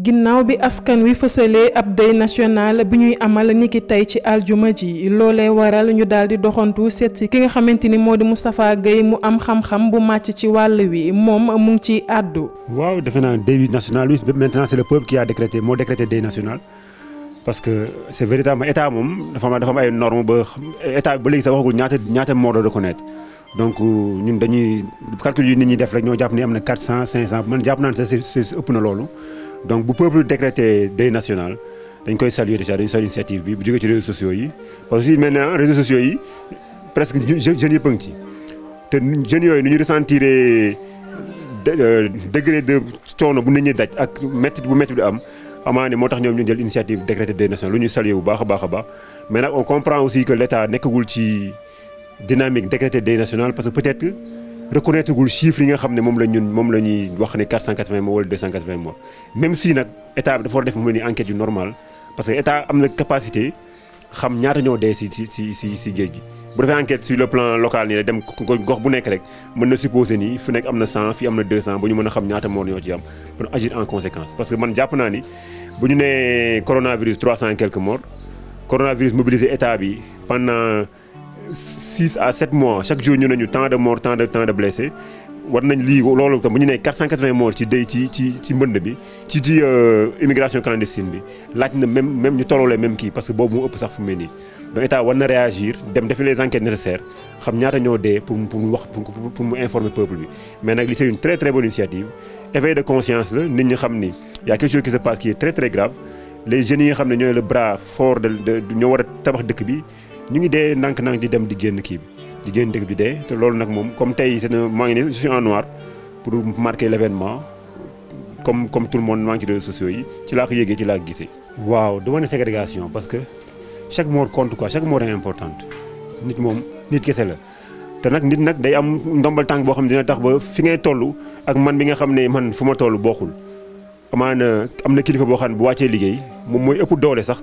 ginnaaw bi askan wi fësalee ab day national bi ñuy amal ki tey ci aljuma ji loolee waral ñu daal di doxantu seet si ki nga xamante ni moo di Moustapha Guèye mu am xam-xam bu màcc ci wàll wi moom mu ngi ciy àddu. waaw defe naa day national bi maintenant c'est le peuple qui a décrété moo décrété day national parce que c'est véritablement moom dafa am dafa am ay normes ba état ba léegi sax waxagul ñaata ñaata moo doon donc ñun dañuy calcul yu nit ñi def rek ñoo jàpp ni am na 400 500 man jàpp naa ne na loolu. donc bu peuple décrété deuil national dañ koy saluer déjà dañ saluer initiative bi bu jógee ci réseaux sociaux yi parce que maintenant réseaux sociaux yi presque jeunes yëpp a ngi ci te jeunes yooyu ni ñu ressentir euh, euh, degré de coono bu nit ñi daj ak métti bu métti du am amaa ne moo tax ñoom ñu jël initiative décrété deuil national lu ñuy saluer bu baax a baax a baax mais nag on comprend aussi que l' nekkagul ci dynamique décrété deuil national parce que peut-être reconnaître gul chiffre yi nga xam ne moom la ñun moom la ñuy wax ne 480 mois wala 280 mois même si nag état bi dafa war a def mu mel ni yu normal parce que état am na capacité xam ñaata ñoo dee si si si géej gi. bu defee enquête sur le plan local nii dem gox bu nekk rek mën na supposé ni fu nekk am na 100 fii am na ba ñu mën a xam ñaata moo ñoo ci am en conséquence parce que man jàpp naa ni bu ñu nee coronavirus 300 et quelques morts coronavirus 6 à 7 mois chaque jour ñu ne ñu tant de morts tant de tant de blessés war nañ lii loolu tam bu ñu nee 480 ci day ci ci ci mbënd bi ci ci euh, immigration clandestine bi laaj na même même ñu toloolee même kii parce que boobu mu ëpp sax fu mu ne nii donc état war na réagir dem defi les enquêtes nécessaires xam ñaata ñoo dee pour mu wax pour mu informer peuple bi mais nag li c'est une très très bonne initiative éveil de conscience la nit ñi xam ni y a quelque chose ne ñooy le bras fort a tabax dëkk bi ñu ngi dee ndànk-ndànk di dem di génn kii bi di génn dëkk bi dee te loolu nag moom comme tey c'est maa ngi ne je suis noir pour marquer l'événement comme comme tout le maa ngi ci réseaux sociaux yi ci laa ko yëgee ci laa ko gisee. waaw du ma ne ségrégation parce que chaque mort compte quoi chaque mort est importante nit moom nit kese la. te nag nit nag day am ndombal tànk boo xam ne dina tax ba fi ngay toll ak man bi nga xam ne man fu ma toll bokkul amaana am na kilifa boo xam ne bu wàccee liggéey moom mooy ëpp doole sax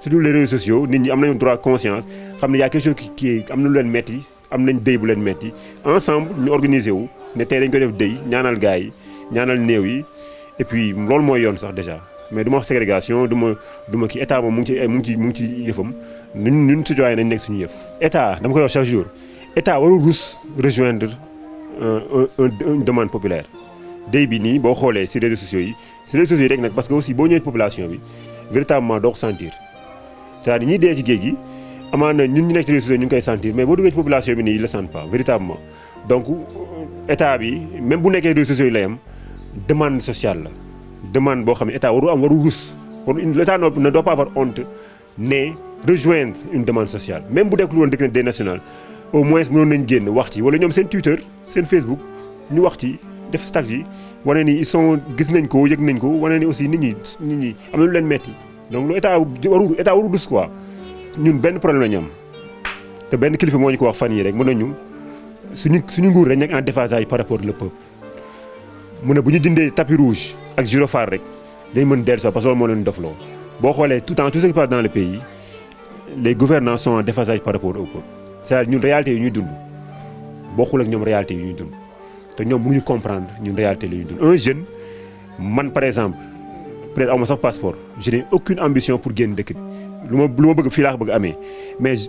surtout les réseaux sociaux nit ñi am nañu droit conscience xam ne y a quelque chose am na lu leen metti am nañ dëy bu leen metti ensemble ñu organiser wu ne tey dañ ko def dëy ñaanal gars yi ñaanal néew yi et puis loolu mooy yoon sax déjà mais du ma wax ségrégation du ma du ma kii état moom mu ngi ci mu ngi ci mu ngi ci yëfam ñun ñun citoyen nañ nekk suñu yëf. état dama koy wax chaque jour état warul rus rejoindre un une demande populaire dëy bi nii boo xoolee si réseaux sociaux yi si réseaux sociaux yi c'est-à-dire ci géej gi amaan na ñun ñu nekk ci réseaux ñu ngi koy sentir mais boo duggee ci population bi nii la sentent pas véritablement donc état bi même bu nekkee réseaux sociaux yi lay am demande sociale la demande boo xam ne état waru am waru rus waru l'état ne doit pas avoir honte ne rejoindre une demande social même bu dekk lu woon décret national au moins mënoon nañ génn wax ci wala ñoom seen Twitter seen Facebook ñu wax ci def stag yi wane ni ils sont gis nañ ko yëg nañ ko wane ni aussi nit ñi nit ñi am na lu leen metti donc lu état warul état warul dus quoi ñun benn problème la ñu am te benn kilifa moo ñu ko wax fan yi rek mën nañu suñu suñu nguur dañ nekk en déphasage par rapport le peuple mu ne bu ñu dindee tapis rouge ak gyrophare rek dañ mën dellu sax parce que loolu moo leen dofloo boo xoolee tout temps tout ce qui passe dans le pays les gouvernants sont en par rapport au peuple c'est-à-dire ñun réalité yi ñuy dund bokkul ak ñoom réalité yi ñuy dund te ñoom mënuñu comprendre ñu réalité la ñuy dund un man par exemple peut être aw ma sax passeport je n'ai aucune ambition pour génn dëkk bi lu ma lu ma bëgg fii bëgg amee mais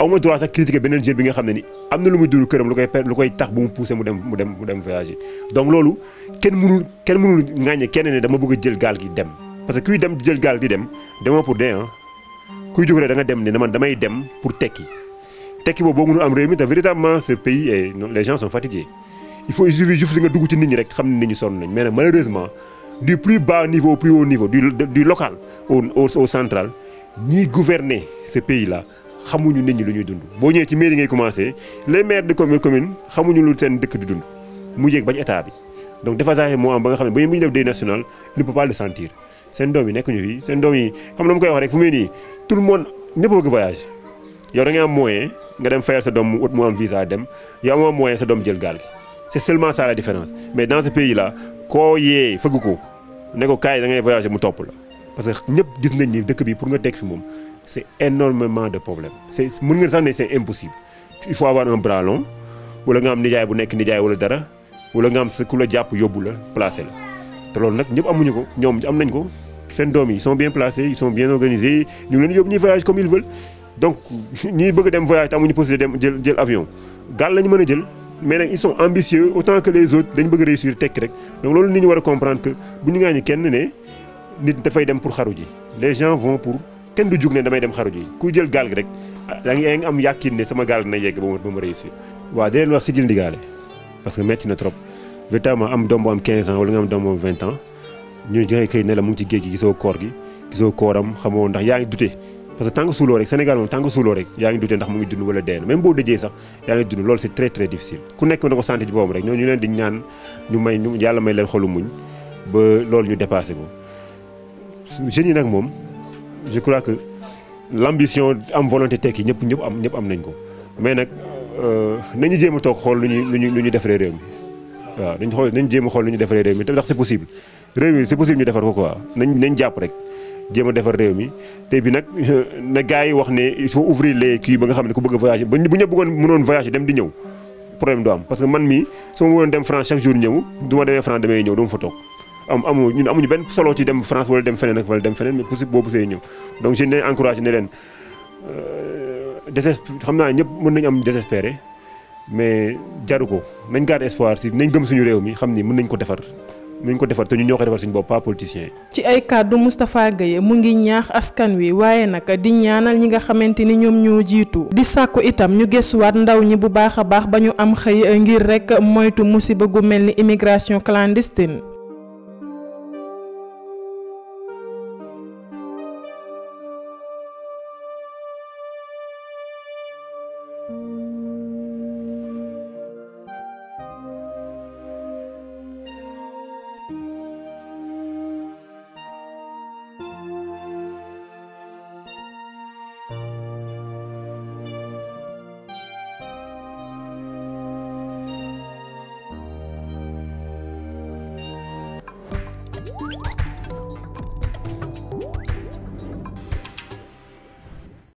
aw ma droit sax critiquer beneen jeune bi nga xam ne ni am na lu muy dund këram lu koy lu koy tax bu mu poussé mu dem mu dem mu dem voyager donc loolu kenn mënul kenn mënul ŋàññe kenn ne dama bëgg jël gaal gi dem parce que kuy dem jël gaal di dem demoo pour dee ah kuy jóg rek da nga dem ne man damay dem pour tekki tekki boobu boo mënul am réew mi te véritablement ce pays et les gens ci nit rek xam ne nit ñi sonn nañ mais nag du plus bas niveau au plus haut niveau du du local au au au central ñiy gouverner ce pays là xamuñu nit ñi lu ñuy dund. boo ñëwee ci mairie ngay commencé les maires de commune commune xamuñu lu seen dëkk di dund mu yéeg bañ état bi donc déphasage moo am ba nga xam ne ba ñu def deuil national il ne peut pas le sentir seen doom yi nekk ñu fi seen doom yi xam na mu koy wax rek fu muy nii tout le monde ñëpp bëgg voyage yow da ngay am moyen nga dem fayal sa doom mu ut mu am visa dem yow amoo moyen sa doom jël gaal gi c'est seulement ça mais dans ce pays là koo ko. ne ko kaay da ngay voyager mu topp la parce que ñëpp gis nañ ni dëkk bi pour nga teg fi moom c' est énormément de problème c' est mën nga sax ne c' impossible il faut avoir un bras long wala nga am nijaay bu nekk nijaay wala dara wala nga am sa la jàpp yóbbu la placé la te loolu nag ñëpp amuñu ko ñoom am nañ ko seen doom yi ils sont bien placés ils sont bien organisés ñu ngi leen yóbbu ñuy voyage comme ils veulent donc ñuy bëgg dem voyage te jël jël avion gaal lañu mën a jël mais nag ils sont ambitieux autant que les autres dañ bëgg réussir tekki rek donc loolu nit ñi war a comprendre que bu ñu gaañu kenn ne nit dafay dem pour xaru ji les gens vont pour kenn du jug ne damay dem xaru ji ku jël gaal gi rek da nga am yàqin ne sama gaal na yegg ba ma ba ma réussir. waaw di leen wax sigil ndigaale parce que metti na trop véritablement am doom bu am 15 ans wala nga am doom am 20 ans ñu joxe xëy ne mu ngi ci géej gi gisoo koor gi gisoo kooram xamoo ndax yaa ngi dute. parce que tant que suuloo rek Sénégal moom tant que suuloo rek yaa ngi dute ndax mu ngi dund wala dee na même boo dëjee sax yaa ngi dund loolu c'est très très difficile ku nekk na ko santé ci boobu rek ñoo ñu may ñu yàlla may leen xolu muñ ba loolu ñu dépassé ko jeunes yi nag moom je crois que l'ambition am volonté tekki ñëpp ñëpp am ñëpp am nañ ko mais nag euh, nañu jéem a toog xool lu ñuy lu ñuy lu ñuy defaree réew mi waaw nañu xool nañu jéem xool lu ñu defaree réew mi ndax c'est possible réew mi c'est possible ñu defar ko quoi nañ nañ jàpp rek jéem defar réew mi tey bi nag na gars yi wax ne il faut ouvrir les kii ba nga xam ne ku bëgg a voyager bu ñëpp bëggoon mënoon voyager dem di ñëw problème du am parce que man mii su ma mënoon dem France chaque jour ñëw du ma demee France damay ñëw du ma fa toog am amuñu benn solo ci dem France wala dem feneen ak wala dem feneen mais possible boobu see ñëw donc je leen encouragé ne leen euh, xam naa ñëpp mën nañ am désespéré mais jaru ko nañ garder espoir si nañ gëm suñu réew mi xam n mën nañ ko defar nuñ ko defar te ñoo ko defar suñu bopp pas ci ay kàddu Moustapha Guèye mu ngi ñaax askan wi waaye nag di ñaanal ñi nga xamante ni ñoom ñoo jiitu di sàkku itam ñu gëstuwaat ndaw ñi bu baax a baax ba ñu am xëy ngir rekk moytu musiba gu mel ni immigration clandestine.